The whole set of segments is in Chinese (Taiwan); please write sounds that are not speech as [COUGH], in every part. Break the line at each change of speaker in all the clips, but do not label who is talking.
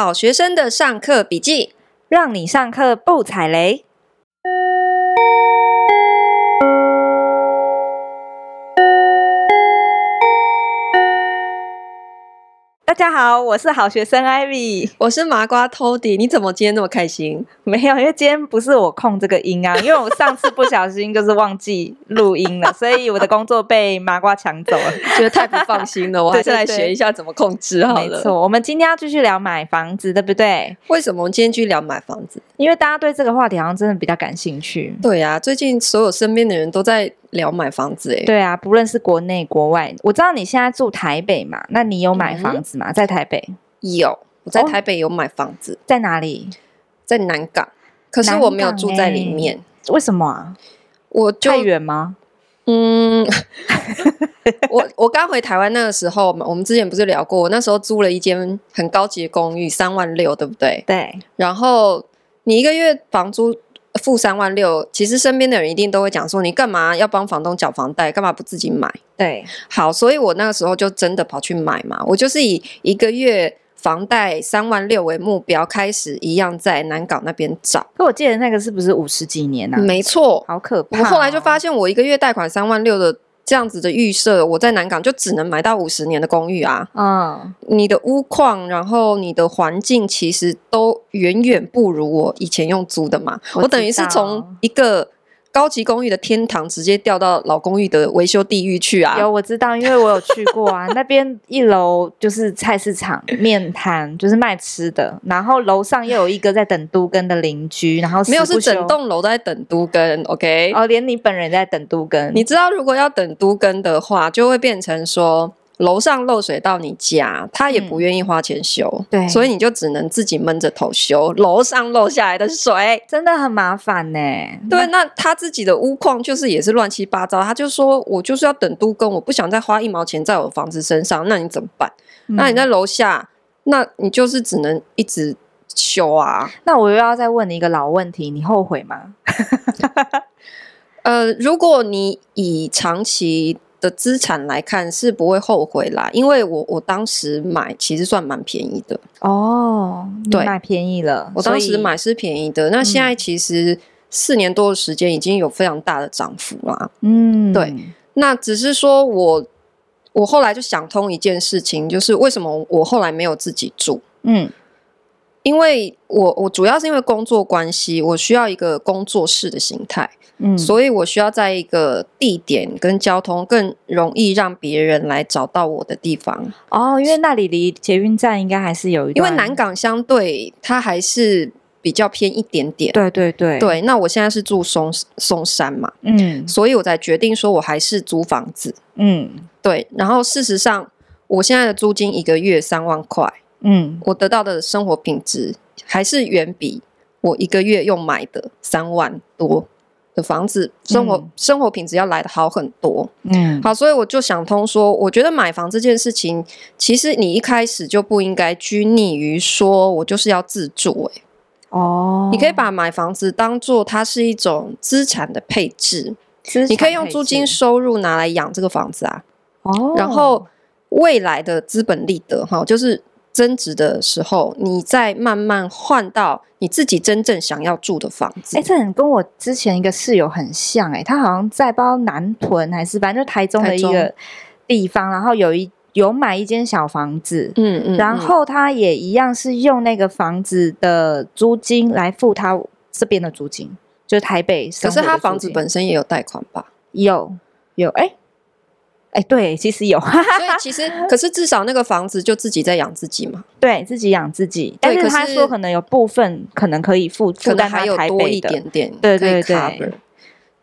好學生的上課筆記，讓你上課不踩雷。大家好，我是好學生 Ivy，我是麻瓜 Tody。你怎麼今天那麼開心？沒有，因為今天不是我控這個音啊，因為我上次不小心就是忘記錄音了， [LAUGHS] 所以我的工作被麻瓜搶走了， [LAUGHS] 覺得太不放心了，我還是來學一下怎麼控制好了，對對對。沒錯，我們今天要繼續聊買房子，對不對？為什麼今天繼續聊買房子？因為大家對這個話題好像真的比較感興趣。對啊，最近所有身邊的人都在，聊買房子哎、欸，對啊，不論是國內國外，我知道你現在住台北嘛，那你有買房子嗎？嗯、在台北有，我在台北有買房子。哦，在哪裡？在南港，可是我沒有住在裡面，欸、為什麼啊？我太遠嗎？嗯， [LAUGHS] [LAUGHS] 我我剛回台灣那個時候，我們之前不是聊過，我那時候租了一間很高級的公寓，三萬六，對不對？對，然後你一個月房租付三萬六，其實身邊的人一定都會講說，你幹嘛要幫房東繳房貸，幹嘛不自己買？對，好，所以我那個時候就真的跑去買嘛，我就是以一個月房貸三萬六為目標開始，一樣在南港那邊找。可我記得那個是不是五十幾年呢？啊？沒錯，好可怕，哦。我後來就發現，我一個月貸款三萬六的。這樣子的預設，我在南港就只能買到五十年的公寓啊！嗯，你的屋況，然後你的環境，其實都遠遠不如我以前用租的嘛。我，我等於是從一個，高級公寓的天堂直接掉到老公寓的維修地獄去啊。有！有我知道，因為我有去過啊。 [LAUGHS] 那邊一樓就是菜市場麵攤，就是賣吃的。然後樓上又有一個在等都更的鄰居。然後沒有，是整棟樓都在等都更。OK，哦，連你本人也在等都更。你知道，如果要等都更的話，就會變成說。樓上漏水到你家，他也不願意花錢修，嗯、對，所以你就只能自己悶着頭修。樓上漏下來的水 [LAUGHS] 真的很麻煩呢、欸。對那，那他自己的屋況就是也是亂七八糟，他就說我就是要等都更，我不想再花一毛錢在我房子身上。那你怎麼辦、嗯？那你在樓下，那你就是只能一直修啊。那我又要再問你一個老問題，你後悔嗎？ [LAUGHS] [LAUGHS] 呃，如果你以長期。的資產來看，是不會後悔啦，因為我我當時買其實算蠻便宜的哦，對，買便宜了。我當時買是便宜的，那現在其實四年多的時間已經有非常大的漲幅啦。嗯，對，那只是說我我後來就想通一件事情，就是為什麼我後來沒有自己住？嗯。因為我我主要是因為工作關係，我需要一個工作室的形態，嗯，所以我需要在一個地點跟交通更容易讓別人來找到我的地方。哦，因為那裡離捷運站應該還是有，因為南港相對它還是比較偏一點點。對對對，對。那我現在是住松松山嘛，嗯，所以我才決定說我還是租房子。嗯，對。然後事實上，我現在的租金一個月三萬塊。嗯，我得到的生活品質還是遠比我一個月用買的三萬多的房子生活生活品質要來的好很多。嗯，好，所以我就想通說，我覺得買房這件事情，其實你一開始就不應該拘泥於說我就是要自住。哎，哦，你可以把買房子當做它是一種資產的配置，你可以用租金收入拿來養這個房子啊。哦，然後未來的資本利得，哈，就是。增值的時候，你再慢慢換到你自己真正想要住的房子。哎、欸，這很跟我之前一個室友很像哎、欸，他好像在不知道南屯還是反正就台中的一個地方，然後有一有買一間小房子，嗯嗯，然後他也一樣是用那個房子的租金來付他這邊的租金，就是台北。可是他房子本身也有貸款吧？有有，哎、欸。哎、欸，對，其實有， [LAUGHS] 所以其實，可是至少那個房子就自己在養自己嘛，對，自己養自己。但是，對，可是他說可能有部分可能可以付出，但還有多一點點，對對對。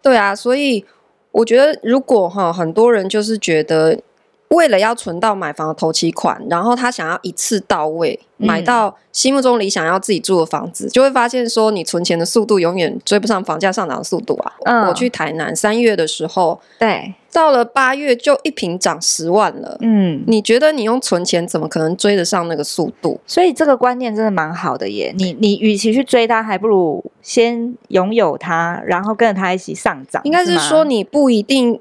對啊，所以我覺得如果哈，很多人就是覺得。為了要存到買房的頭期款，然後他想要一次到位，嗯、買到心目中理想要自己住的房子，就會發現說你存錢的速度永遠追不上房價上漲的速度啊！嗯、我去台南三月的時候，對，到了八月就一坪漲十萬了。嗯，你覺得你用存錢怎麼可能追得上那個速度？所以這個觀念真的蠻好的耶。你你，與其去追他，還不如先擁有它，然後跟着它一起上漲。應該是說是你不一定。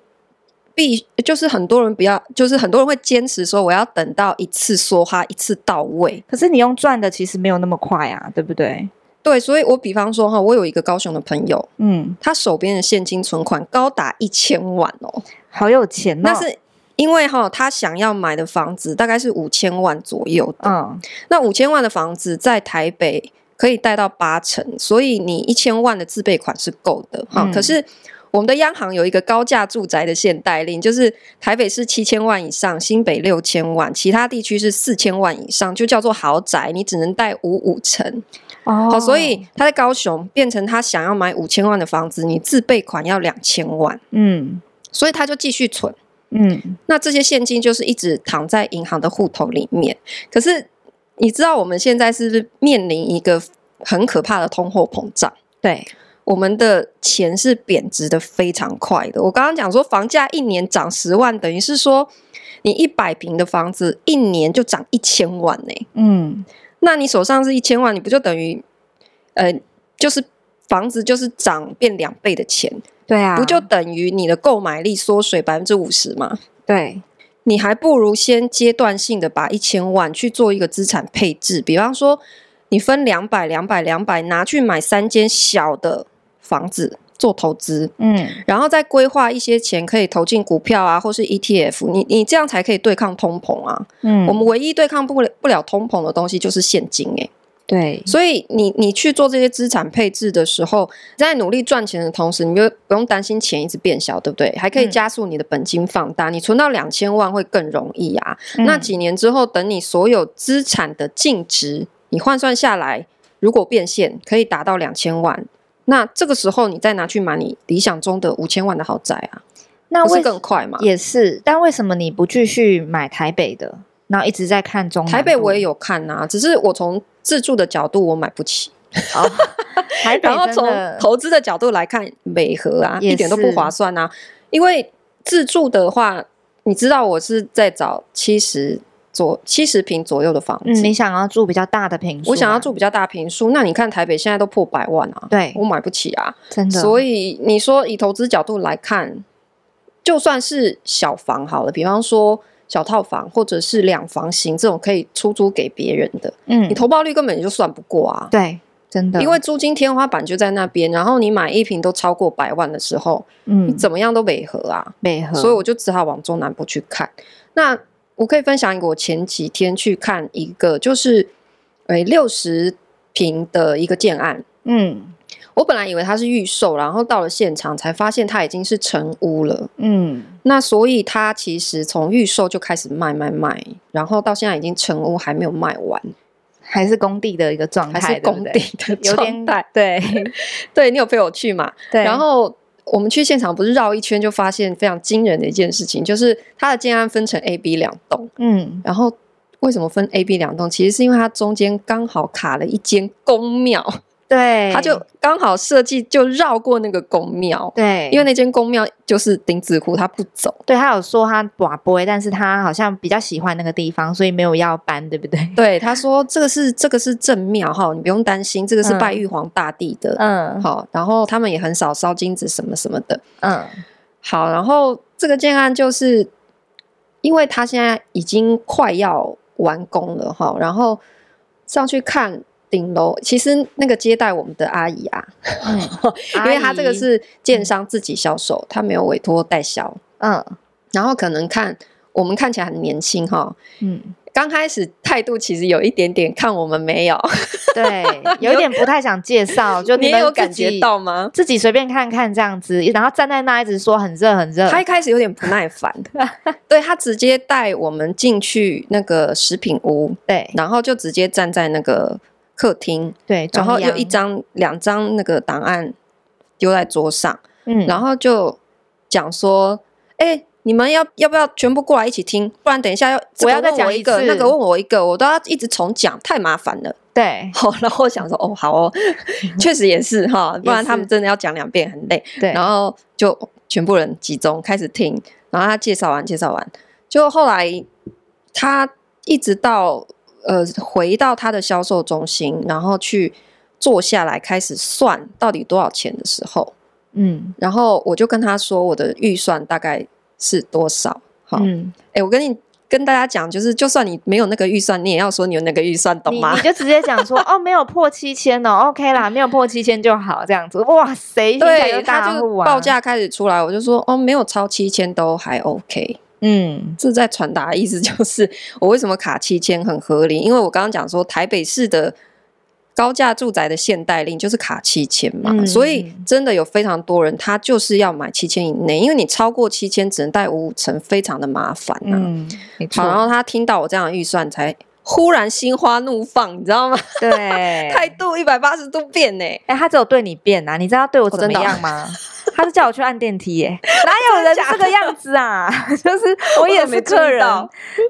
必就是很多人不要，就是很多人會堅持說，我要等到一次梭哈一次到位。可是你用賺的其實沒有那麼快啊，對不對？對，所以我比方說哈，我有一個高雄的朋友，嗯，他手邊的現金存款高達一千萬哦、喔，好有錢吶。那是因為哈，他想要買的房子大概是五千萬左右的。嗯，那五千萬的房子在台北可以貸到八成，所以你一千萬的自備款是夠的。好、嗯，可是。我們的央行有一個高價住宅的限貸令，就是台北市七千萬以上，新北六千萬，其他地區是四千萬以上，就叫做豪宅，你只能貸五五成哦、oh.。所以他在高雄變成他想要買五千萬的房子，你自備款要兩千萬，嗯、mm.，所以他就繼續存，嗯、mm.，那這些現金就是一直躺在銀行的戶頭裡面。可是你知道我們現在是不是面臨一個很可怕的通貨膨脹，對。我們的錢是貶值的非常快的。我剛剛講說，房價一年漲十萬，等於是說你一百平的房子一年就漲一千萬呢、欸。嗯，那你手上是一千萬，你不就等於呃，就是房子就是漲變兩倍的錢？對啊，不就等於你的購買力縮水百分之五十嗎？對，你還不如先階段性的把一千萬去做一個資產配置，比方說你分兩百、兩百、兩百拿去買三間小的。房子做投資，嗯，然後再規劃一些錢可以投進股票啊，或是 ETF 你，你你這樣才可以對抗通膨啊。嗯，我們唯一對抗不了不了通膨的東西就是現金哎，欸。對，所以你你去做這些資產配置的時候，在努力賺錢的同時，你就不用擔心錢一直變小，對不對？還可以加速你的本金放大，嗯，你存到兩千萬會更容易啊，嗯。那幾年之後，等你所有資產的淨值你換算下來，如果變現可以達到兩千萬。那這個時候，你再拿去買你理想中的五千萬的豪宅啊，那會更快嘛。也是，但為什麼你不繼續買台北的，然後一直在看中南部？台北我也有看啊，只是我從自住的角度我買不起，啊、哦， [LAUGHS] 台北然後從投資的角度來看美、啊，美和啊一點都不划算啊，因為自住的話，你知道我是在找七十左七十坪左右的房子，嗯，你想要住比較大的坪？我想要住比較大坪數。那你看台北現在都破百萬啊，對我買不起啊，真的。所以你說以投資角度來看，就算是小房好了，比方說小套房或者是兩房型這種可以出租給別人的，嗯，你投報率根本就算不過啊，對，真的，因為租金天花板就在那邊，然後你買一坪都超過百萬的時候，嗯，你怎麼樣都沒合啊，沒合，所以我就只好往中南部去看，那我可以分享一個，我前幾天去看一個，就是，哎，六十坪的一個建案。嗯，我本來以為它是預售，然後到了現場才發現它已經是成屋了。嗯，那所以它其實從預售就開始賣賣賣，然後到現在已經成屋還沒有賣完，還是工地的一個狀態，還是工地的狀態。對對，有點，對， [LAUGHS] 對你有陪我去嘛？對，然後。我們去現場不是繞一圈就發現非常驚人的一件事情，就是它的建案分成 A、B 兩棟。嗯，然後為什麼分 A、B 兩棟？其實是因為它中間剛好卡了一間宮廟。對，他就剛好設計就繞過那個宮廟，對，因為那間宮廟就是釘子戶，他不走。對，他有說他划不，但是他好像比較喜歡那個地方，所以沒有要搬，對不對？對，他說這個是這個是正廟哈，你不用擔心，這個是拜玉皇大帝的，嗯，好。然後他們也很少燒金子什麼什麼的，嗯，好。然後這個建案就是，因為他現在已經快要完工了哈，然後上去看。頂樓其實那個接待我們的阿姨啊，嗯、阿姨，因為她這個是建商自己銷售，她、嗯、沒有委托代銷。嗯，然後可能看、嗯、我們看起來很年輕哈，嗯，剛開始態度其實有一點點看我們沒有，對，有一點不太想介紹， [LAUGHS] 就你有感覺到嗎？自己隨便看看這樣子，然後站在那一直說很熱很熱，他一開始有點不耐煩， [LAUGHS] 對，他直接帶我們進去那個食品屋，對，然後就直接站在那個。客廳對，然後有一張兩張那個檔案丟在桌上，嗯，然後就講說，哎、欸，你們要要不要全部過來一起聽？不然等一下要我要再講一,這個、問我一個，那個問我一個，我都要一直重講，太麻煩了。對，好，然後想說哦，好哦， [LAUGHS] 確實也是哈，哦，不然他們真的要講兩遍，很累。對，然後就全部人集中開始聽，然後他介紹完，介紹完，就後來他一直到。呃，回到他的銷售中心，然後去坐下來開始算到底多少錢的時候，嗯，然後我就跟他說我的預算大概是多少，好，嗯，哎、欸，我跟你跟大家講，就是就算你沒有那個預算，你也要說你有那個預算，懂嗎？你，你就直接講說 [LAUGHS] 哦，沒有破七千哦，OK 啦，沒有破七千就好，這樣子，哇，誰、啊，對，他就報價開始出來，我就說哦，沒有超七千都還 OK。嗯，這在傳達的意思就是，我為什麼卡七千很合理？因為我剛剛講說，台北市的高價住宅的限貸令就是卡七千嘛、嗯，所以真的有非常多人他就是要買七千以內，因為你超過七千只能貸五五成，非常的麻煩、啊、嗯好，然後他聽到我這樣的預算，才忽然心花怒放，你知道嗎？對， [LAUGHS] 態度一百八十度變呢。哎、欸，他只有對你變啊，你知道他對我怎麼樣嗎？哦 [LAUGHS] 他是叫我去按電梯耶，哪有人這個樣子啊？是真的假的？ [LAUGHS] 就是我也是客人，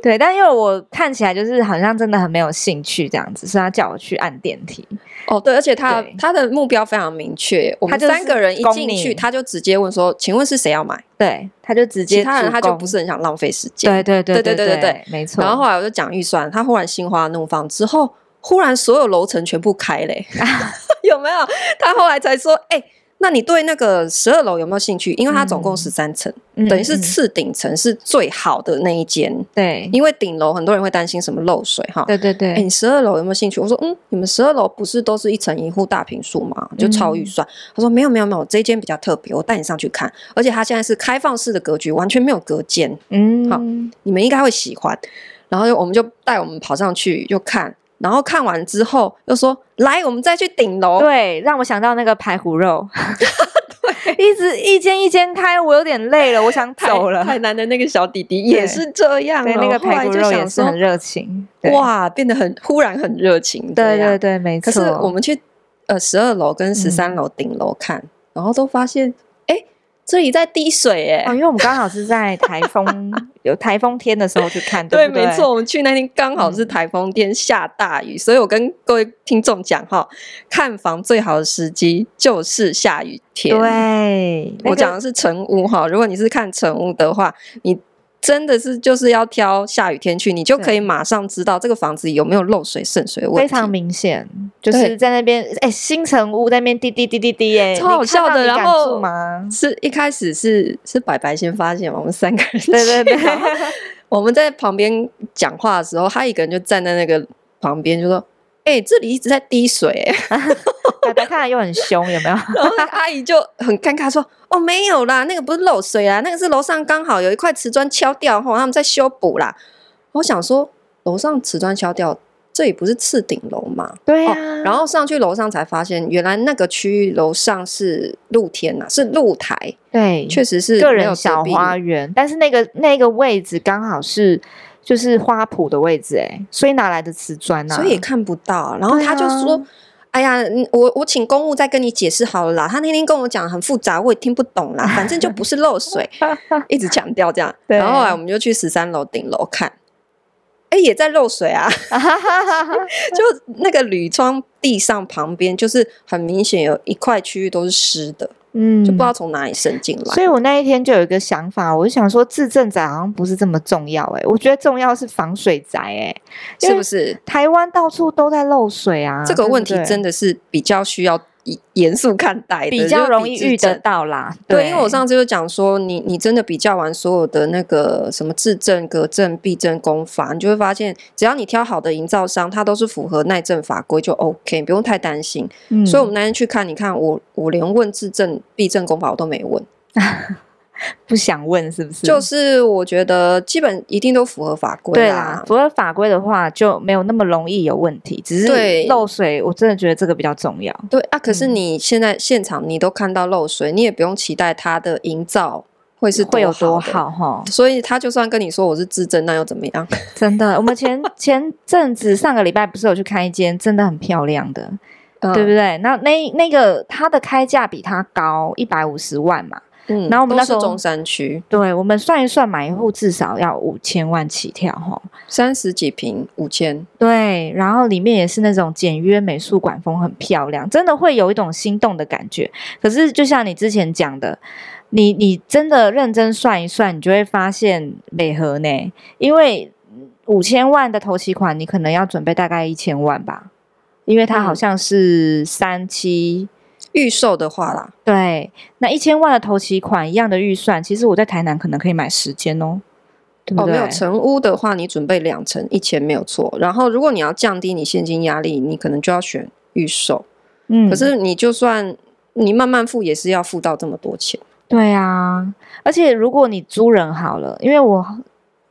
對。但因為我看起來就是好像真的很沒有興趣這樣子，是他叫我去按電梯。哦，對，而且他他的目標非常明確，我們三個人一進去他，他就直接問說：“請問是誰要買？”對，他就直接，其他人他就不是很想浪費時間。對對對對對對對,對,對,對,對,對,對,對，沒錯。然後後來我就講預算，他忽然心花怒放，之後忽然所有樓層全部開嘞， [LAUGHS] [LAUGHS] 有沒有？他後來才說：“哎、欸。”那你對那個十二樓有沒有興趣？因為它總共十三層，等於是次頂層是最好的那一間。對、嗯，因為頂樓很多人會擔心什麼漏水哈。對對對。哎、欸，你十二樓有沒有興趣？我說，嗯，你們十二樓不是都是一層一戶大坪數嗎？就超預算。他、嗯、說，沒有沒有沒有，這間比較特別，我帶你上去看。而且它現在是開放式的格局，完全沒有隔間。嗯，好，你們應該會喜歡。然後就我們就帶我們跑上去就看。然後看完之後又說：“來，我們再去頂樓。”對，讓我想到那個排骨肉， [LAUGHS] [LAUGHS] 對，一直一間一間開，我有點累了，我想走了。台 [LAUGHS] 南的那個小弟弟也是這樣，對對，那個排骨肉就也是很熱情，哇，變得很忽然很熱情。對對對，對對，沒錯、哦。可是我們去呃十二樓跟十三樓頂樓看、嗯，然後都發現。所以在滴水哎、欸啊，因為我們剛好是在台風 [LAUGHS] 有台風天的時候去看， [LAUGHS] 對，對，對，沒錯，我們去那天剛好是台風天、嗯、下大雨，所以我跟各位聽眾講哈，看房最好的時機就是下雨天。對，那個、我講的是成屋哈，如果你是看成屋的話，你。真的是就是要挑下雨天去，你就可以馬上知道這個房子有沒有漏水滲水的問題，非常明顯。就是在那邊，哎，新、欸、成屋那邊滴滴滴滴滴、欸，哎，超好笑的嗎。然後是一開始是是白白先發現，我們三個人對對對， [LAUGHS] 我們在旁邊講話的時候，他一個人就站在那個旁邊，就說：“哎、欸，這裡一直在滴水、欸。啊” [LAUGHS] [LAUGHS] 白白看來看又很兇，有沒有？ [LAUGHS] 阿姨就很尷尬說：“哦，沒有啦，那個不是漏水啦，那個是樓上剛好有一塊瓷磚敲掉，吼，他們在修補啦。”我想說，樓上瓷磚敲掉，這裡不是次頂樓嘛？對、啊哦、然後上去樓上才發現，原來那個區域樓上是露天吶、啊，是露台。對，確實是個人小花園。但是那個那個位置剛好是就是花圃的位置，哎，所以哪來的瓷磚呢？所以也看不到。然後他就說。哎呀，我我請公務再跟你解釋好了啦。他那天跟我講很複雜，我也聽不懂啦。反正就不是漏水， [LAUGHS] 一直強調這樣。對啊、然後來我們就去十三樓頂樓看，哎、欸，也在漏水啊。 [LAUGHS] [LAUGHS] 就那個鋁窗地上旁邊，就是很明顯有一塊區域都是濕的。嗯，就不知道從哪裡滲進來。所以我那一天就有一個想法，我就想說，制震宅好像不是這麼重要哎、欸，我覺得重要是防水宅哎、欸，是不是？台灣到處都在漏水啊，這個問題對對，真的是比較需要嚴肅看待的，比較容易遇得到啦。對，因為我上次就講說，你你真的比較完所有的那個什麼制震、隔震、避震工法，你就會發現，只要你挑好的營造商，他都是符合耐震法規就 OK，不用太擔心。嗯。所以我們那天去看，你看我我連問制震、避震工法我都沒問。 [LAUGHS] 不想問是不是？就是我覺得基本一定都符合法規，啊對，對啦。符合法規的話就沒有那麼容易有問題。只是漏水，我真的覺得這個比較重要。對啊，可是你現在現場你都看到漏水，嗯、你也不用期待它的營造會是會有多好哈。所以他就算跟你說我是自珍，那又怎麼樣？真的，我們前 [LAUGHS] 前陣子上個禮拜不是有去看一間真的很漂亮的，嗯、對不對？那那那個它的開價比它高一百五十萬嘛。嗯，然後我們那是中山區，對，我們算一算，買一戶至少要五千萬起跳吼，三十幾坪五千，對，然後裡面也是那種簡約美術館風，很漂亮，真的會有一種心動的感覺。可是就像你之前講的，你你真的認真算一算，你就會發現美和呢，因為五千萬的頭期款，你可能要準備大概一千萬吧，因為它好像是三期。嗯預售的話啦，對，那一千萬的頭期款一樣的預算，其實我在台南可能可以買十間哦對
對，哦，沒有成
屋的話，你準備兩成一千沒有錯。然後，如果你要降低你現金壓力，你可能就要選預售，嗯，可是你就算你慢慢付也是要付到這麼多錢，對啊。而且如果你租人好了，因為我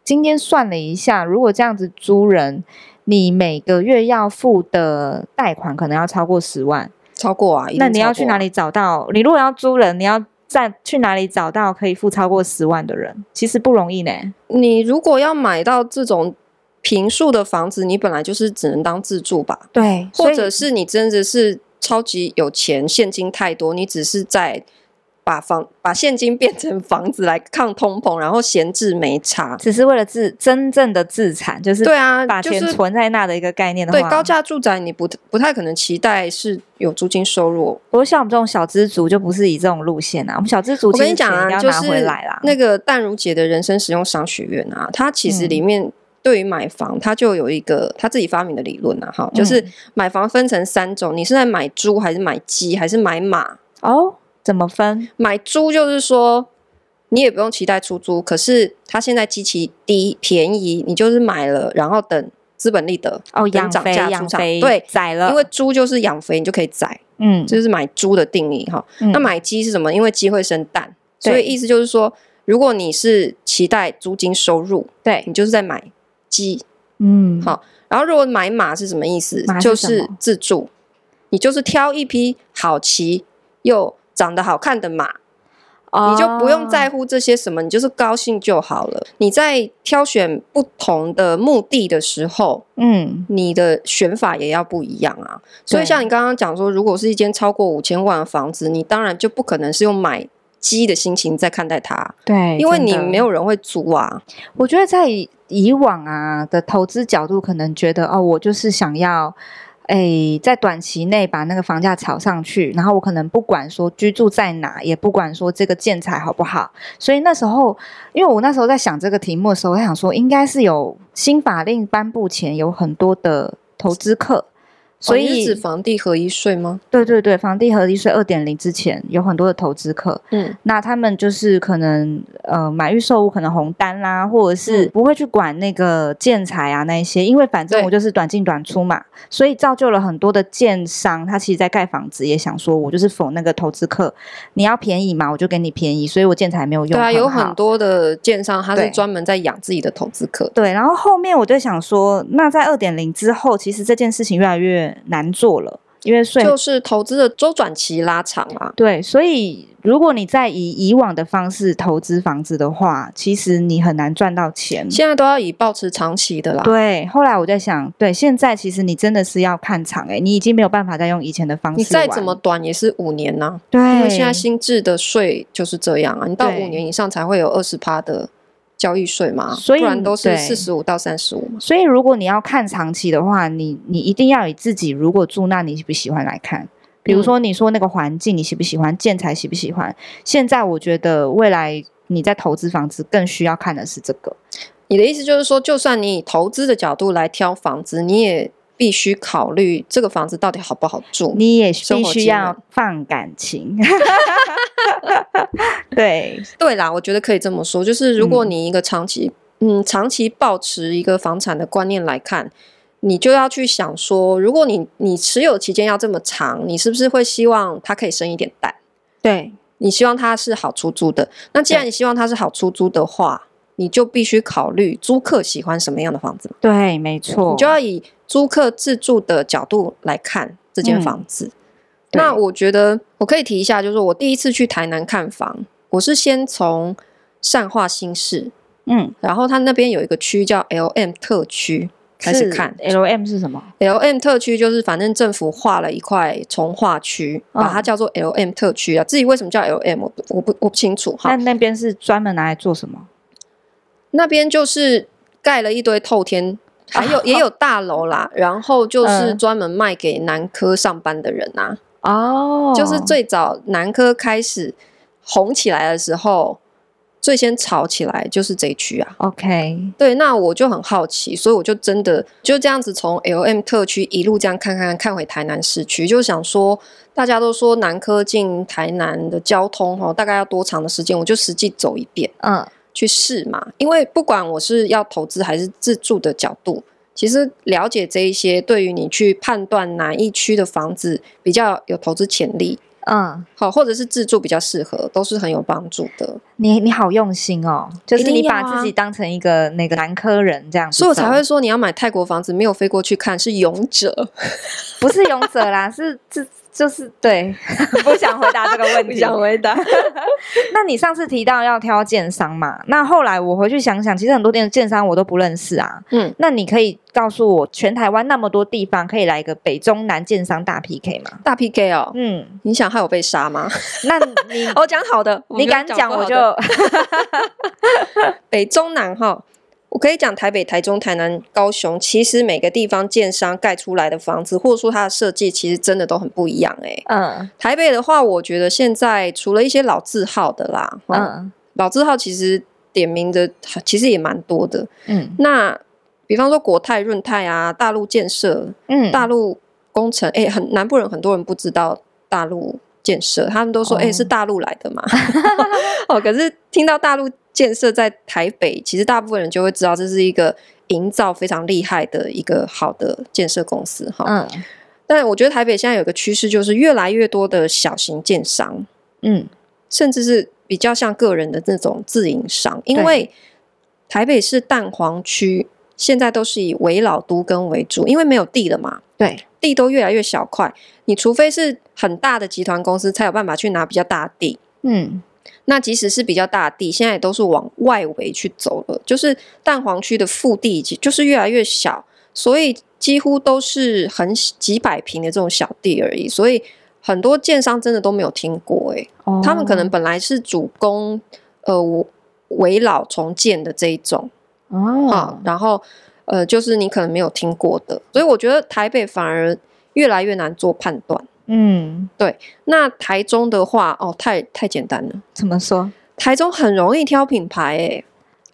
今天算了一下，如果這樣子租人，你每個月要付的貸款可能要超過十萬。超過，啊、一定超過啊！那你要去哪裡找到？你如果要租人，你要再去哪裡找到可以付超過十萬的人？其實不容易呢。你如果要買到這種平數的房子，你本來就是只能當自住吧？對，或者是你真的是超級有錢，現金太多，你只是在。把房把現金變成房子來抗通膨，然後閒置沒差，只是為了自真正的資產，就是對啊，把錢存在那的一個概念的話。對啊、就是、對高價住宅，你不不太可能期待是有租金收入。不過像我們這種小資族，就不是以這種路線啊。我們小資族拿回來，我跟你講啊，就是那個淡如姐的人生實用商學院啊，它其實裡面對於買房，它就有一個他自己發明的理論啊，哈、嗯，就是買房分成三種，你是在買豬還是買雞,還是買雞，還是買馬哦？怎麼分？買豬就是說，你也不用期待出租，可是它現在基期低便宜，你就是買了，然後等資本利得哦，養肥，等漲價出場，養肥，對，宰了，因為豬就是養肥，你就可以宰，嗯，就是買豬的定義哈、嗯。那買雞是什麼？因為雞會生蛋，所以意思就是說，如果你是期待租金收入，對你就是在買雞，嗯，好。然後如果買馬是什麼意思？是就是自住，你就是挑一匹好騎又。長得好看的嘛，oh. 你就不用在乎這些什麼，你就是高興就好了。你在挑選不同的目的的時候，嗯，你的選法也要不一樣啊。所以像你剛剛講說，如果是一間超過五千萬的房子，你當然就不可能是用買機的心情在看待它，對，因為你沒有人會租啊。我覺得在以往啊的投資角度，可能覺得哦，我就是想要。誒，在短期內把那個房價炒上去，然後我可能不管說居住在哪，也不管說這個建材好不好，所以那時候，因為我那時候在想這個題目的時候，我想說應該是有新法令頒布前有很多的投資客。所以、哦、是指房地合一稅嗎？對對對，房地合一稅二點零之前有很多的投資客。嗯，那他們就是可能呃買預售屋可能紅單啦，或者是不會去管那個建材啊那一些，因為反正我就是短進短出嘛，所以造就了很多的建商，他其實在蓋房子也想說，我就是 for 那個投資客，你要便宜嘛，我就給你便宜，所以我建材沒有用。對啊，有很多的建商他是專門在養自己的投資客。對，對，然後後面我就想說，那在二點零之後，其實這件事情越來越難做了，因為稅就是投資的周轉期拉長啊。對，所以如果你再以以往的方式投資房子的話，其實你很難賺到錢。現在都要以保持長期的啦。對，後來我在想，對，現在其實你真的是要看長。欸，你已經沒有辦法再用以前的方式，你再怎麼短也是五年呢。對，因為現在新制的稅就是這樣啊，你到五年以上才會有二十趴的交易稅嘛，所以不然都是四十五到三十五。所以如果你要看長期的話，你你一定要以自己如果住，那你喜不喜歡來看？比如說你說那個環境，你喜不喜歡？建材喜不喜歡？現在我覺得未來你在投資房子更需要看的是這個。你的意思就是說，就算你以投資的角度來挑房子，你也。必須考慮這個房子到底好不好住，你也必須要放感情。 [LAUGHS] 對對啦，我覺得可以這麼說，就是如果你一個長期嗯，嗯長期抱持一個房產的觀念來看，你就要去想說，如果你你持有期間要這麼長，你是不是會希望它可以生一點蛋？對，你希望它是好出租的。那既然你希望它是好出租的話，你就必須考慮租客喜歡什麼樣的房子。對，沒錯，你就要以。租客自住的角度來看這間房子，嗯、那我覺得我可以提一下，就是說我第一次去台南看房，我是先從善化、新市，嗯，然後他那邊有一個區叫 L M 特區開始看。L M 是什麼？L M 特區就是反正政府劃了一塊重劃區，把它叫做 L M 特區啊、嗯。自己為什麼叫 L M？我不我不，我不清楚。那那邊是專門拿來做什麼？那邊就是蓋了一堆透天。還、啊、有也有大樓啦，然後就是專門賣給南科上班的人吶、啊。哦、嗯，就是最早南科開始紅起來的時候，最先炒起來就是這區啊。OK，對，那我就很好奇，所以我就真的就這樣子從 L M 特區一路這樣看看看回台南市區，就想說，大家都說南科進台南的交通齁，大概要多長的時間，我就實際走一遍。嗯。去試嘛，因為不管我是要投資還是自住的角度，其實了解這一些，對於你去判斷哪一區的房子比較有投資潛力，嗯，好，或者是自住比較適合，都是很有幫助的。你你好用心哦，就是你把自己當成一個那個南科人這樣子、啊，所以我才會說你要買泰國房子沒有飛過去看是勇者， [LAUGHS] 不是勇者啦，是自。就是對，不想回答這個問題， [LAUGHS] 不想回答。 [LAUGHS] 那你上次提到要挑建商嘛？那後來我回去想想，其實很多店的建商我都不認識啊。嗯，那你可以告訴我，全台灣那麼多地方，可以來個北中南建商大 PK 嗎？大 PK 哦，嗯，你想害我被殺嗎？ [LAUGHS] 那你我講、 [LAUGHS] 哦、好的，你敢講我就。 [LAUGHS] [LAUGHS] 北中南哈。我可以講台北、台中、台南、高雄，其實每個地方建商蓋出來的房子，或者說它的設計，其實真的都很不一樣哎、欸。嗯、uh.，台北的話，我覺得現在除了一些老字號的啦，uh. 嗯，老字號其實點名的其實也蠻多的，嗯。那比方說國泰、潤泰啊，大陸建設，嗯，大陸工程，哎、欸，很，南部人很多人不知道大陸。建設，他們都說，哎、欸，是大陸來的嘛？ [LAUGHS] [LAUGHS] 哦，可是聽到大陸建設在台北，其實大部分人就會知道這是一個營造非常厲害的一個好的建設公司哈、哦嗯。但我覺得台北現在有一個趨勢，就是越來越多的小型建商，嗯，甚至是比較像個人的那種自營商，因為台北是蛋黃區，現在都是以危老都更為主，因為沒有地了嘛。對。地都越來越小塊，你除非是很大的集團公司才有辦法去拿比較大地，嗯，那即使是比較大地，現在也都是往外圍去走了，就是蛋黃區的腹地，就是越來越小，所以幾乎都是很幾百平的這種小地而已，所以很多建商真的都沒有聽過、欸，哎、哦，他們可能本來是主攻呃危老重建的這一種，哦，啊、然後。呃，就是你可能沒有聽過的，所以我覺得台北反而越來越難做判斷。嗯，對。那台中的話，哦，太太簡單了。怎麼說？台中很容易挑品牌誒、欸，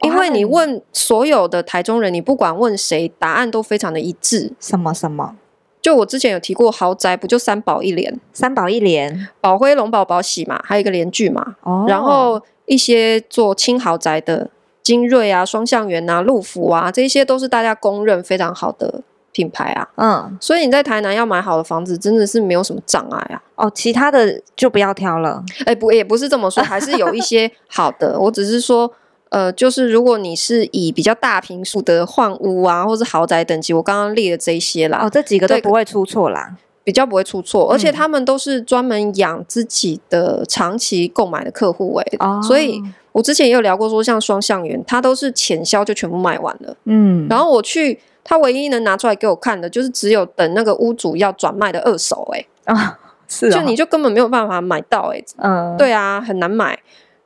因為你問所有的台中人、哦，你不管問誰，答案都非常的一致。什麼什麼？就我之前有提過豪宅，不就三寶一聯？三寶一聯。寶輝、龍寶、寶璽嘛，還有一個聯聚嘛。哦。然後一些做輕豪宅的。精銳啊，雙橡園啊，陸府啊，這些都是大家公認非常好的品牌啊。嗯，所以你在台南要買好的房子，真的是沒有什麼障礙啊。哦，其他的就不要挑了。誒、欸、不也、欸、不是這麼說，還是有一些好的。 [LAUGHS] 我只是說，呃，就是如果你是以比較大坪數的換屋啊，或是豪宅等級，我剛剛列的這些啦，哦，這幾個都不會出錯啦。比較不會出錯、嗯，而且他們都是專門養自己的長期購買的客戶、欸哦、所以我之前也有聊過說像雙，像雙橡園，它都是潛銷，就全部賣完了，嗯，然後我去，他唯一能拿出來給我看的，就是只有等那個屋主要轉賣的二手哎、欸，啊、哦、是、哦，就你就根本沒有辦法買到哎、欸，嗯，對啊，很難買。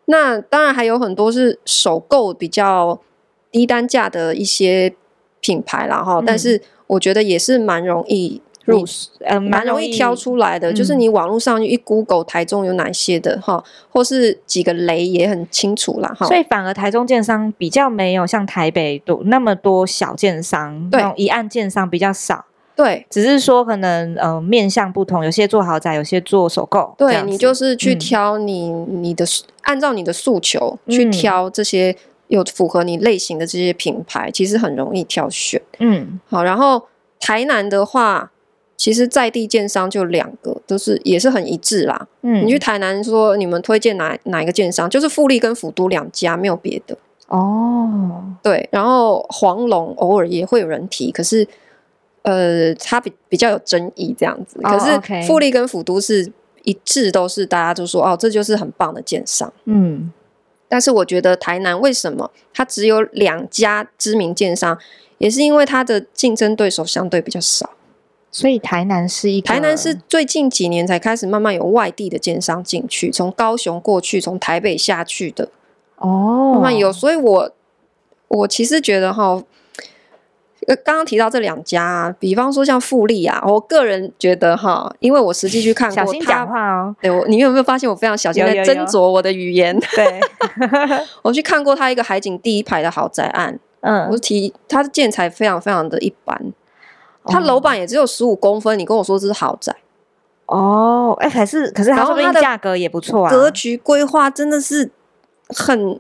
那當然還有很多是首購比較低單價的一些品牌然哈、嗯，但是我覺得也是蠻容易。入嗯、呃，蠻容易挑出來的，嗯、就是你網絡上一 Google 台中有哪些的哈、嗯，或是幾個雷也很清楚啦哈。所以反而台中建商比較沒有像台北有那麼多小建商，對，一案建商比較少，對，只是說可能嗯、呃，面向不同，有些做豪宅，有些做首購。對，你就是去挑你、嗯、你的按照你的訴求去挑這些有符合你類型的這些品牌、嗯，其實很容易挑選，嗯，好，然後台南的話。其實，在地建商就兩個，都是也是很一致啦。嗯，你去台南說你們推薦哪哪一個建商，就是富立跟府都兩家，沒有別的。哦，對，然後皇龍偶爾也會有人提，可是呃，它比比較有爭議這樣子。哦、可是富立跟府都是一致，都是大家就說哦，這就是很棒的建商。嗯，但是我覺得台南為什麼它只有兩家知名建商，也是因為它的競爭對手相對比較少。所以台南是一個台南是最近幾年才開始慢慢有外地的建商進去，從高雄過去，從台北下去的。哦，那有，所以我我其實覺得哈，呃，剛剛提到這兩家啊，比方說像富利啊，我個人覺得哈，因為我實際去看過。小心講話哦，對我，你有沒有發現我非常小心在斟酌我的語言？有有有對， [LAUGHS] 我去看過他一個海景第一排的豪宅案，嗯，我提他的建材非常非常的一般。它、oh. 樓板也只有十五公分，你跟我說這是豪宅哦？哎、oh, 欸，可是可是，它後面的價格也不錯啊，格局規劃真的是很……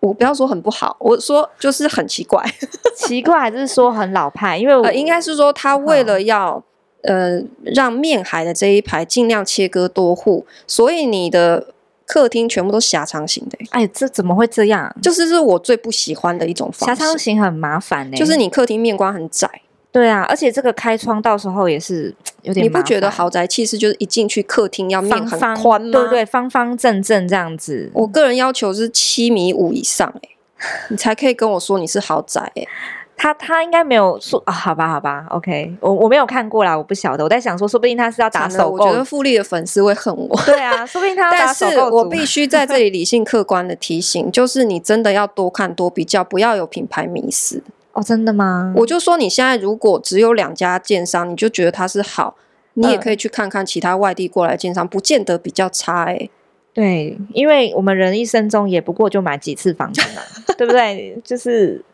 我不要說很不好，我說就是很奇怪， [LAUGHS] 奇怪，還、就是說很老派？因為我、呃、應該是說他為了要、oh. 呃讓面海的這一排儘量切割多戶，所以你的客廳全部都狹長型的、欸。哎，這怎麼會這樣？就是是我最不喜歡的一種方式，狹長型很麻煩哎、欸，就是你客廳面寬很窄。對啊，而且這個開窗到時候也是有點。你不覺得豪宅氣勢就是一進去客廳要面很寬嗎？對不對，方方正正這樣子、嗯。我個人要求是七米五以上、欸， [LAUGHS] 你才可以跟我說你是豪宅欸、他、他應該沒有說啊？好吧好吧，OK，我我沒有看過啦，我不曉得。我在想說，說不定他是要打首購，打首購。我覺得富麗的粉絲會恨我。對啊，說不定他要打首購。 [LAUGHS] 但是我必須在這裡理性客觀的提醒， [LAUGHS] 就是你真的要多看多比較，不要有品牌迷思。哦，真的嗎？我就說你現在如果只有兩家建商，你就覺得他是好，
你也可以
去看看其他外地過來建商，呃、不見得比較差哎、欸。對，因為我們人一生中也不過就買幾次房子嘛， [LAUGHS] 對不對？就是，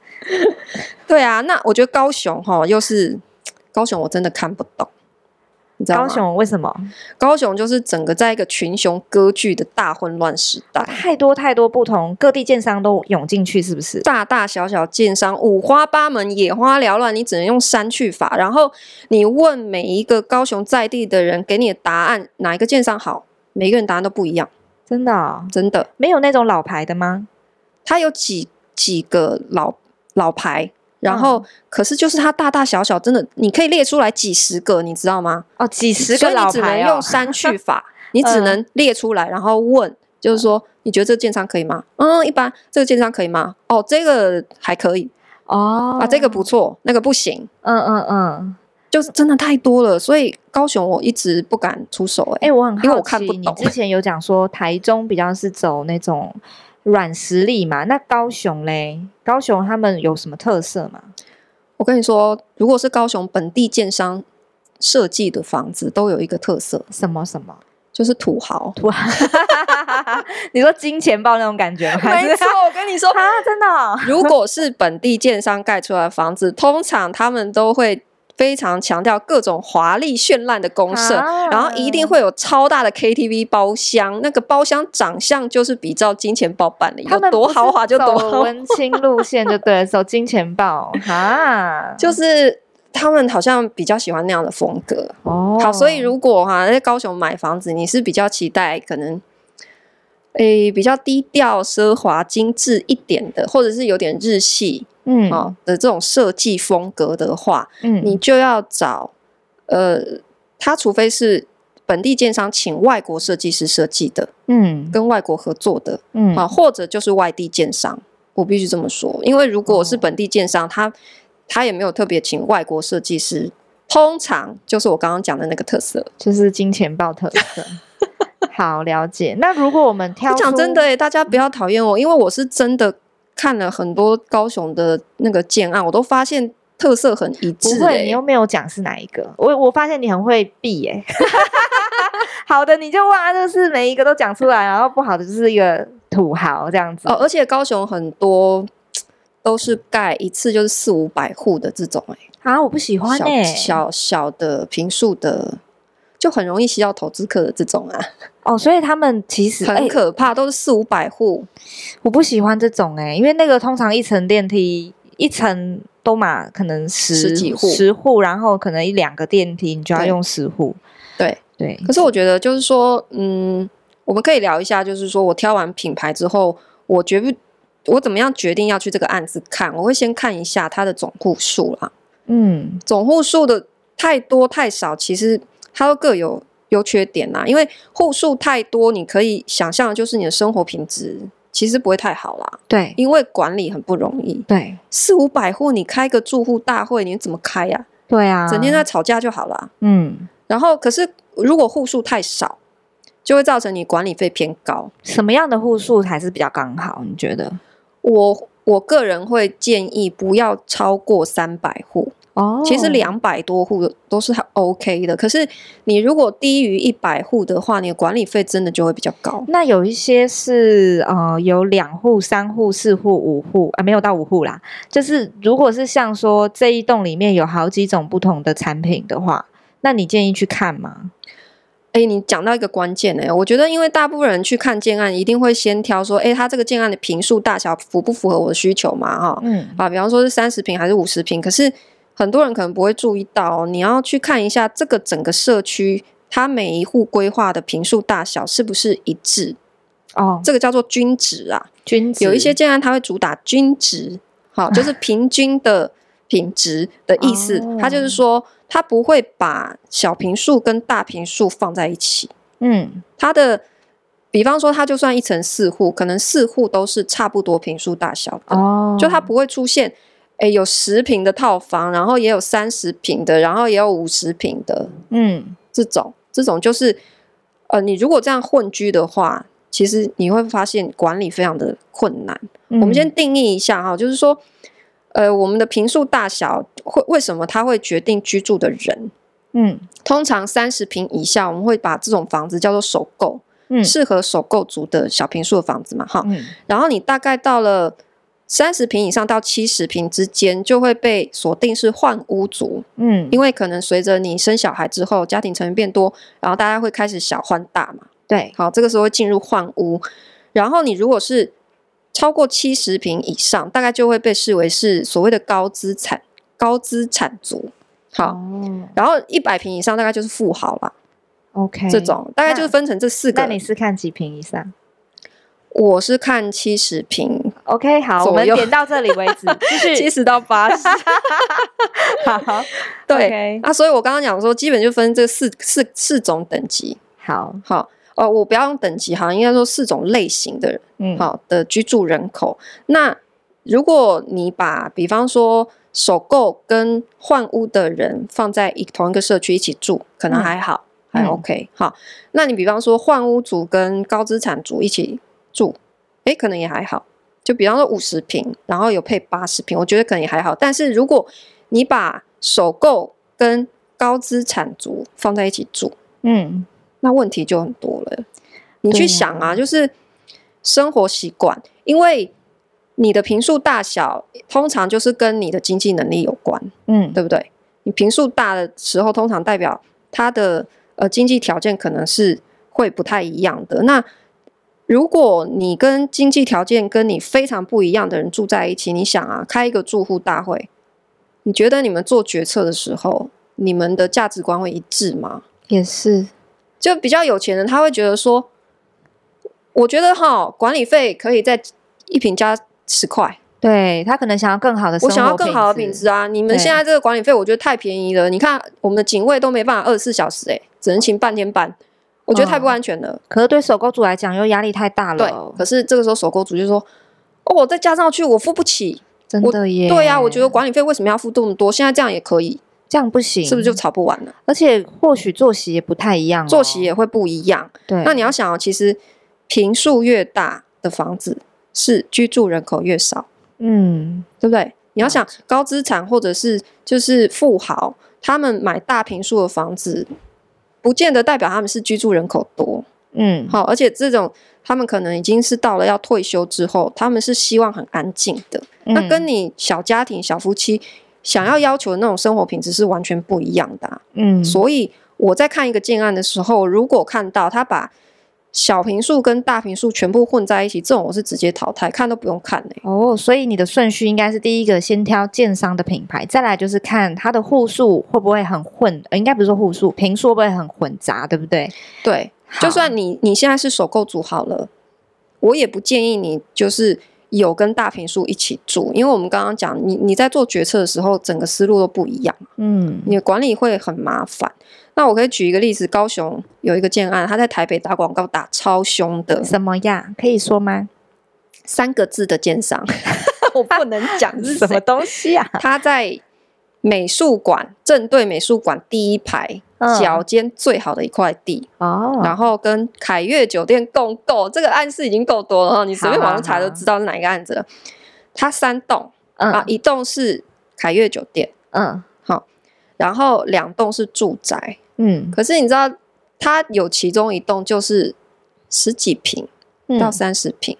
[LAUGHS] 對啊。那我覺得高雄哈、哦，又是高雄，我真的看不懂。你知道高雄為什麼？高雄就是整個在一個群雄割據的大混亂時代。哦，太多太多不同，各地建商都湧進去，是不是？大大小小建商五花八門，眼花繚亂，你只能用刪去法。然後你問每一個高雄在地的人，給你的答案哪一個建商好？每個人答案都不一樣。真的哦？真的。沒有那種老牌的嗎？它，有幾幾個老老牌？然後，可是就是它大大小小，真的你可以列出來幾十個，你知道嗎？哦，幾十個老只能用刪去法，哦、 [LAUGHS] 你只能列出來，然後問，嗯、就是說你覺得這個建商可以嗎？嗯，一般這個建商可以嗎？哦，這個還可以哦，啊，這個不錯，那個不行。嗯嗯嗯，就是真的太多了，所以高雄我一直不敢出手、欸。哎、欸，我很好奇，因為我看不懂，你之前有講說台中比較是走那種。軟實力嘛，那高雄嘞？高雄他們有什麼特色嗎？我跟你說，如果是高雄本地建商設計的房子，都有一個特色，什麼什麼？就是土豪，土豪， [LAUGHS] [LAUGHS] 你說金錢豹那種感覺 [LAUGHS] 沒錯，我跟你說 [LAUGHS] 啊，真的、哦， [LAUGHS] 如果是本地建商蓋出來的房子，通常他們都會。非常強調各種華麗絢爛的公設，然後一定會有超大的 KTV 包廂、嗯，那個包廂長相就是比照金錢豹辦的，有多豪華就多豪華。走文青路線就對，走 [LAUGHS] 金錢豹哈，就是他們好像比較喜歡那樣的風格哦。好，所以如果哈在高雄買房子，你是比較期待可能？誒、欸，比較低調、奢華、精緻一點的，或者是有點日系，嗯，喔、的這種設計風格的話，嗯，你就要找，呃，他除非是本地建商請外國設計師設計的，嗯，跟外國合作的，嗯，啊、喔，或者就是外地建商，我必須這麼說，因為如果是本地建商，哦、他他也沒有特別請外國設計師，通常就是我剛剛講的那個特色，就是金錢豹特色。 [LAUGHS] [LAUGHS] 好，了解。那如果我們挑，我講真的哎、欸，大家不要討厭我，因為我是真的看了很多高雄的那個建案，我都發現特色很一致、欸。不會，你又沒有講是哪一個，我我發現你很會避耶、欸。 [LAUGHS] [LAUGHS] [LAUGHS] 好的，你就問啊，就是每一個都講出來，然後不好的就是一個土豪這樣子哦。而且高雄很多都是蓋一次就是四五百戶的這種哎、欸。啊，我不喜歡、欸、小小，小的平數的。就很容易吸到投資客的這種啊，哦，所以他們其實很可怕、欸，都是四五百戶。我不喜歡這種哎、欸，因為那個通常一層電梯一層都嘛，可能十,十幾戶十戶，然後可能一兩個電梯你就要用十戶。對對,對。可是我覺得就是說，嗯，我們可以聊一下，就是說我挑完品牌之後，我絕不我怎麼樣決定要去這個案子看？我會先看一下它的總戶數啦。嗯，總戶數的太多太少，其實。它都各有優缺點吶，因為戶數太多，你可以想象的就是你的生活品質其實不會太好啦。對，因為管理很不容易。對，四五百戶，你開個住戶大會，你怎麼開呀？對啊，整天在吵架就好啦。嗯，然後可是如果戶數太少，就會造成你管理費偏高。什麼樣的戶數還是比較剛好？你覺得？我我個人會建議不要超過三百戶。哦，其實兩百多戶都是很 OK 的，可是你如果低於一百戶的話，你的管理費真的就會比較高。那有一些是呃有兩戶、三戶、四戶、五戶啊，沒有到五戶啦。就是如果是像說這一棟裡面有好幾種不同的產品的話，那你建議去看嗎？哎、欸，你講到一個關鍵哎、欸，我覺得因為大部分人去看建案，一定會先挑說，哎、欸，他這個建案的坪數大小符不符合我的需求嘛？哈，嗯，啊，比方說是三十坪還是五十坪，可是。很多人可能不會注意到、哦，你要去看一下這個整個社區，它每一戶規劃的坪數大小是不是一致？哦、oh.，這個叫做均質啊，均質。有一些建案它會主打均質，好、啊哦，就是平均的品質的意思。Oh. 它就是說，它不會把小坪數跟大坪數放在一起。嗯，它的，比方說，它就算一層四戶，可能四戶都是差不多坪數大小的，oh. 就它不會出現。有十坪的套房，然後也有三十坪的，然後也有五十坪的，嗯，這種這種就是，呃，你如果這樣混居的話，其實你會發現管理非常的困難。嗯、我們先定義一下哈，就是說，呃，我們的坪數大小會為什麼它會決定居住的人？嗯，通常三十坪以下，我們會把這種房子叫做首購，嗯，適合首購族的小坪數的房子嘛，哈，嗯、然後你大概到了。三十平以上到七十平之間，就會被鎖定是換屋族。嗯，因為可能隨着你生小孩之後，家庭成員變多，然後大家會開始小換大嘛。對，好，這個時候會進入換屋。然後你如果是超過七十平以上，大概就會被視為是所謂的高資產、高資產族。好，哦，然後一百平以上大概就是富豪了。OK，這種大概就是分成這四個。那，那你是看幾平以上？我是看七十平。OK，好，我們點到這裡為止，繼續七十到八十。 [LAUGHS] 好，對，那、okay. 啊、所以我剛剛講說，基本就分這四四四種等級。好，好，哦，我不要用等級，哈，應該說四種類型的，嗯，好的居住人口。嗯，那如果你把，比方說首購跟換屋的人放在一同一個社區一起住，可能還好，嗯，還 OK。好，那你比方說換屋族跟高資產族一起住，誒、欸，可能也還好。就比方說五十平，然後有配八十平，我覺得可能也還好。但是如果你把首購跟高資產族放在一起住，嗯，那問題就很多了。你去想啊，啊就是生活習慣，因為你的坪數大小通常就是跟你的經濟能力有關，嗯，對不對？你坪數大的時候，通常代表他的呃經濟條件可能是會不太一樣的。那如果你跟經濟條件，跟你非常不一樣的人住在一起，你想啊，開一個住戶大會，你覺得你們做決策的時候，你們的價值觀會一致嗎？也是，就比較有錢人他會覺得說，我覺得哈管理費可以再一坪加十塊，對他可能想要更好的品質，我想要更好的品質啊。你們現在這個管理費我覺得太便宜了，你看我們的警衛都沒辦法二十四小時、欸，誒，只能請半天班。我覺得太不安全了。哦、可是對首購族來講，又壓力太大了。對，可是這個時候首購族就說：“哦，我再加上去，我付不起。”真的耶？對呀、啊，我覺得管理費為什麼要付這麼多？現在這樣也可以，這樣不行，是不是就吵不完了？而且或許作息也不太一樣，作息也會不一樣。對，那你要想哦，其實坪數越大的房子，是居住人口越少。嗯，對不對？你要想高資產或者是就是富豪，他們買大坪數的房子。不見得代表他們是居住人口多，嗯，好，而且這種他們可能已經是到了要退休之後，他們是希望很安靜的，嗯，那跟你小家庭小夫妻想要要求的那種生活品質是完全不一樣的啊，嗯，所以我在看一個建案的時候，如果看到他把。小坪數跟大坪數全部混在一起，這種我是直接淘汰，看都不用看嘞、欸。哦、oh，所以你的順序應該是第一個先挑建商的品牌，再來就是看它的戶數會不會很混，呃，應該不是說戶數，坪數會不會很混雜，對不對？對，就算你你現在是首購族好了，我也不建議你就是有跟大坪數一起住，因為我們剛剛講，你你在做決策的時候，整個思路都不一樣，嗯，你管理會很麻煩。那我可以舉一個例子，高雄有一個建案，他在台北打廣告打超凶的，什麼呀？可以說嗎？三個字的建商 [LAUGHS] [LAUGHS] 我不能講 [LAUGHS] 是什麼東西啊。他在美術館正對美術館第一排，嗯、腳尖最好的一塊地哦。然後跟凱悅酒店共構，這個暗示已經夠多了，你隨便網上查都知道是哪一個案子了。好好好它三棟、嗯、啊，一棟是凱悅酒店，嗯，好，然後兩棟是住宅。嗯，可是你知道，它有其中一棟就是十幾坪到三十坪，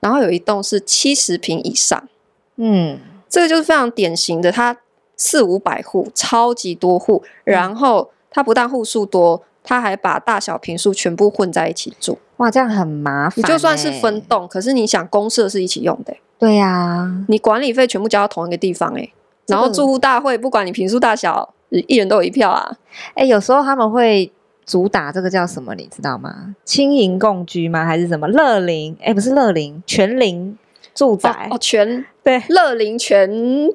然後有一棟是七十坪以上。嗯，這個就是非常典型的，它四五百戶，超級多戶，嗯、然後它不但戶數多，它還把大小坪數全部混在一起住。哇，這樣很麻煩、欸。你就算是分棟，可是你想，公設是一起用的。對呀、啊，你管理費全部交到同一個地方哎、欸，然後住戶大會，嗯、不管你坪數大小。一人都有一票啊！哎、欸，有時候他們會主打這個叫什麼，你知道嗎？青銀共居嗎？還是什麼樂齡？哎、欸，不是樂齡，全齡住宅哦，哦，全對，樂齡全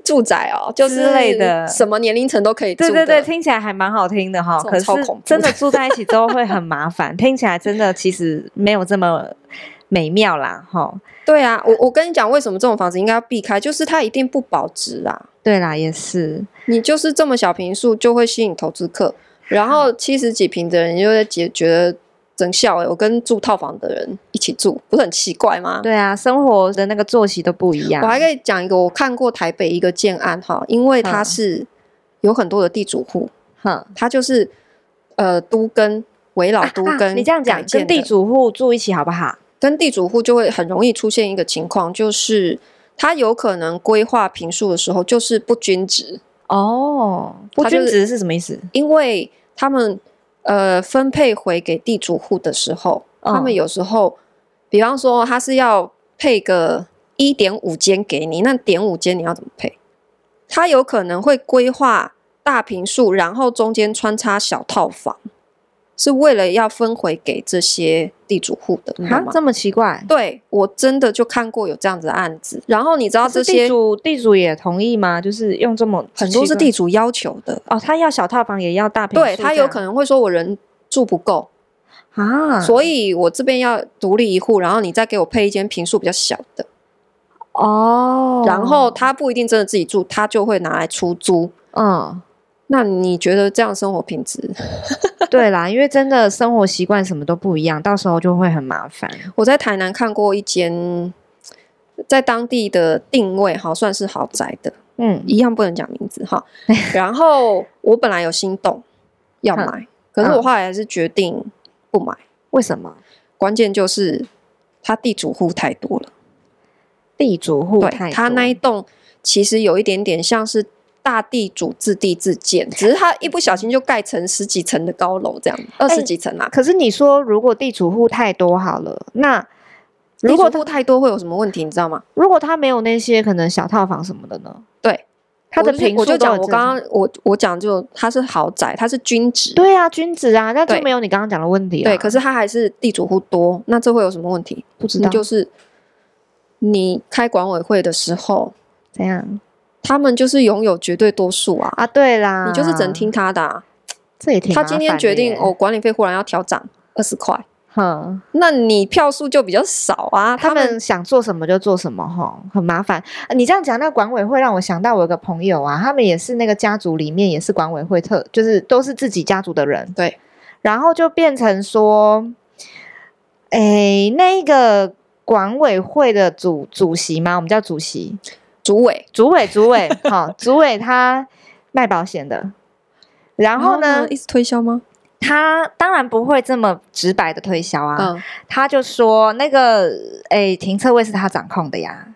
住宅哦，就是之類的，什麼年齡層都可以住。對對對，聽起來還蠻好聽的哈。恐怖的。可是真的住在一起之後會很麻煩， [LAUGHS] 聽起來真的其實沒有這麼。美妙啦，哈，對啊，我我跟你講，為什麼這種房子應該要避開，就是它一定不保值啦。對啦，也是，你就是這麼小坪數，就會吸引投資客，然後七十幾坪的人就會覺得很笑、欸，我跟住套房的人一起住，不是很奇怪嗎？對啊，生活的那個作息都不一樣。我還可以講一個，我看過台北一個建案哈，因為它是有很多的地主戶，哈、嗯，他就是呃都跟圍老都跟、啊啊、你這樣講，跟地主戶住一起好不好？跟地主戶就會很容易出現一個情況，就是他有可能規劃坪數的時候就是不均質哦。不均質是什麼意思？因為他們呃分配回給地主戶的時候、哦，他們有時候，比方說他是要配個一點五間給你，那點五間你要怎麼配？他有可能會規劃大坪數，然後中間穿插小套房。是為了要分回給這些地主戶的，啊，這麼奇怪？對我真的就看過有這樣子的案子。然後你知道這些地主地主也同意嗎？就是用這麼很,很多是地主要求的哦，他要小套房也要大坪。對他有可能會說，我人住不夠啊，所以我這邊要獨立一戶，然後你再給我配一間坪數比較小的哦。然後他不一定真的自己住，他就會拿來出租。嗯。那你覺得這樣生活品質？ [LAUGHS] 對啦，因為真的生活習慣什麼都不一樣，到時候就會很麻煩。 [LAUGHS] 我在台南看過一間，在當地的定位好，算是豪宅的，嗯，一樣不能講名字哈。 [LAUGHS] 然後我本來有心動要買，嗯，可是我後來還是決定不買。為什麼？關鍵就是他地主戶太多了，地主戶太多，對，他那一棟其實有一點點像是。大地主自地自建，只是他一不小心就蓋成十幾層的高樓，這樣、欸、二十幾層啊。可是你說，如果地主戶太多好了，那如果戶太多會有什麼問題？你知道嗎？如果他沒有那些可能小套房什麼的呢？對，他的品質我就講、是，我剛剛我剛剛我講就他是豪宅，他是均質，對啊均質啊，那就沒有你剛剛講的問題了、啊。對，可是他還是地主戶多，那這會有什麼問題？不知道，就是你開管委會的時候怎樣？他們就是擁有絕對多數啊！啊，對啦，你就是只能聽他的、啊。這也他今天決定我、哦、管理費忽然要調漲二十塊。哼，那你票數就比較少啊。他們，他們想做什麼就做什麼哈，很麻煩、啊。你這樣講，那管委會讓我想到我有個朋友啊，他們也是那個家族裡面，也是管委會特，就是都是自己家族的人。對，然後就變成說，哎、欸，那個管委會的主主席嗎？我們叫主席。主委，主委，主委，好、 [LAUGHS] 哦，主委他賣保險的，然後呢，後一直推銷嗎？他當然不會這麼直白的推銷啊，嗯、他就說那個，哎，停車位是他掌控的呀，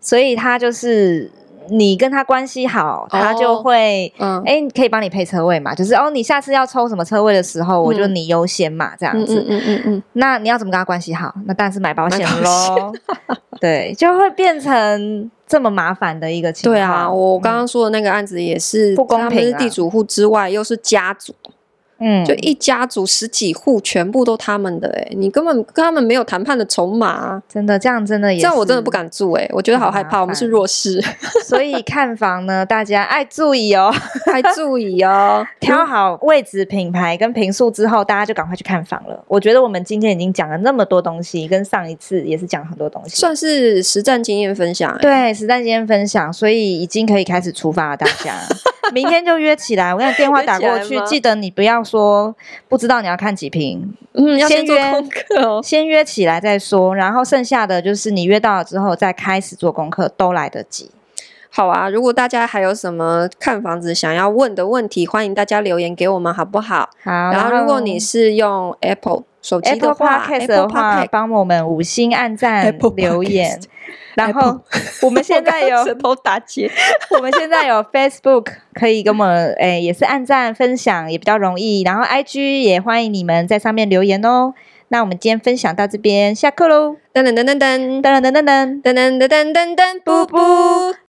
所以他就是。你跟他關係好，他就會，哎、哦嗯，欸，可以幫你配車位嘛？就是哦，你下次要抽什麼車位的時候，嗯、我就你優先嘛、嗯，這樣子。嗯嗯嗯，嗯，那你要怎麼跟他關係好？那當然是買保險嘍。 [LAUGHS] 對，就會變成這麼麻煩的一個情況。對啊，我剛剛說的那個案子也是、嗯、不公平啊！不公平是地主戶之外，又是家族。嗯，就一家族十幾戶，全部都他們的哎、欸，你根本跟他們沒有談判的籌碼。真的這樣真的也是這樣，我真的不敢住哎、欸，我覺得好害怕，我們是弱勢， [LAUGHS] 所以看房呢，大家愛注意哦，愛注意哦，挑 [LAUGHS] 好位置、品牌跟坪數之後，大家就趕快去看房了。我覺得我們今天已經講了那麼多東西，跟上一次也是講很多東西，算是實戰經驗分享、欸，對，實戰經驗分享，所以已經可以開始出發了，大家， [LAUGHS] 明天就約起來，我跟你電話打過去， [LAUGHS] 記，記得你不要，說不知道你要看幾瓶，嗯，要先做功課哦，先約，先約起來再說，然後剩下的就是你約到了之後再開始做功課，都來得及。好啊！如果大家還有什麼看房子想要問的問題，歡迎大家留言給我們，好不好？好。然後，然後如果你是用 Apple 手機的話，Apple Podcast 的話，幫我們五星按贊留言。然後， [LAUGHS] 然後、Apple。我們現在有 [LAUGHS] 我頭打結 [LAUGHS] 我們現在有 Facebook 可以跟我們、欸，也是按贊分享，也比較容易。然後 IG 也歡迎你們在上面留言哦。那我們今天分享到這邊，下課嘍！噔噔噔噔噔噔噔噔噔噔噔噔噔噔噔噔噔，不不。